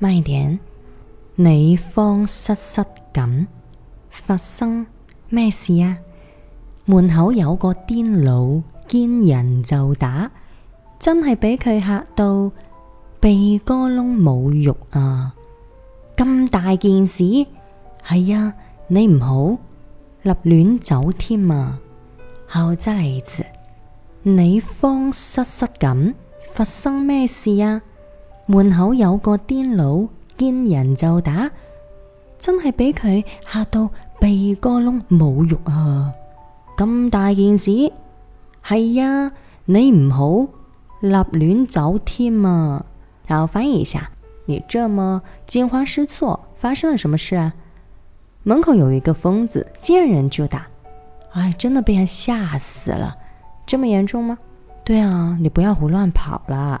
My dear，你慌失失咁發生咩事啊？門口有個癲佬見人就打，真係俾佢吓到鼻哥窿冇肉啊！咁大件事？係啊，你唔好立亂走添啊！好，真係，你慌失失咁發生咩事啊？門口有個癲佬，見人就打，真係俾佢嚇到鼻哥窿冇肉啊！咁大件事？係呀，你唔好立亂走添啊！然後翻譯一下，你這麼驚慌失措，發生了什麼事啊？門口有一個瘋子，見人就打，哎，真的被人嚇死了，這麼嚴重嗎？對啊，你不要胡亂跑了。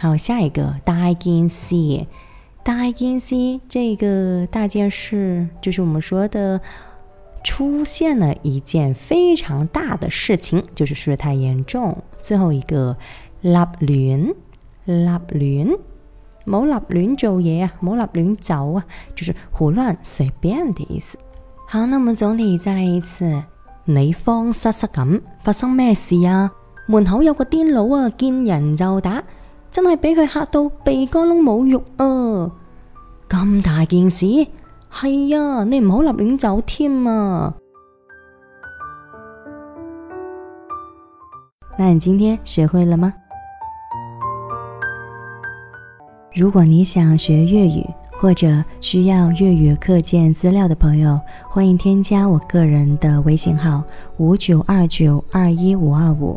好，下一個大件事，大件事這個大件事就是我們說的出現了一件非常大的事情，就是事態嚴重。最後一個立亂，立亂，冇立亂做嘢啊，冇立亂走啊，就是胡亂隨便的意思。好，那我們總體再來一次，你慌失失咁發生咩事啊？門口有個癲佬啊，見人就打。真係俾佢嚇到鼻哥窿冇肉啊！咁大件事？係啊，你唔好立亂走添啊！那你今天學會了嗎？如果你想學粵語或者需要粵語課件資料的朋友，歡迎添加我個人的微信號五九二九二一五二五。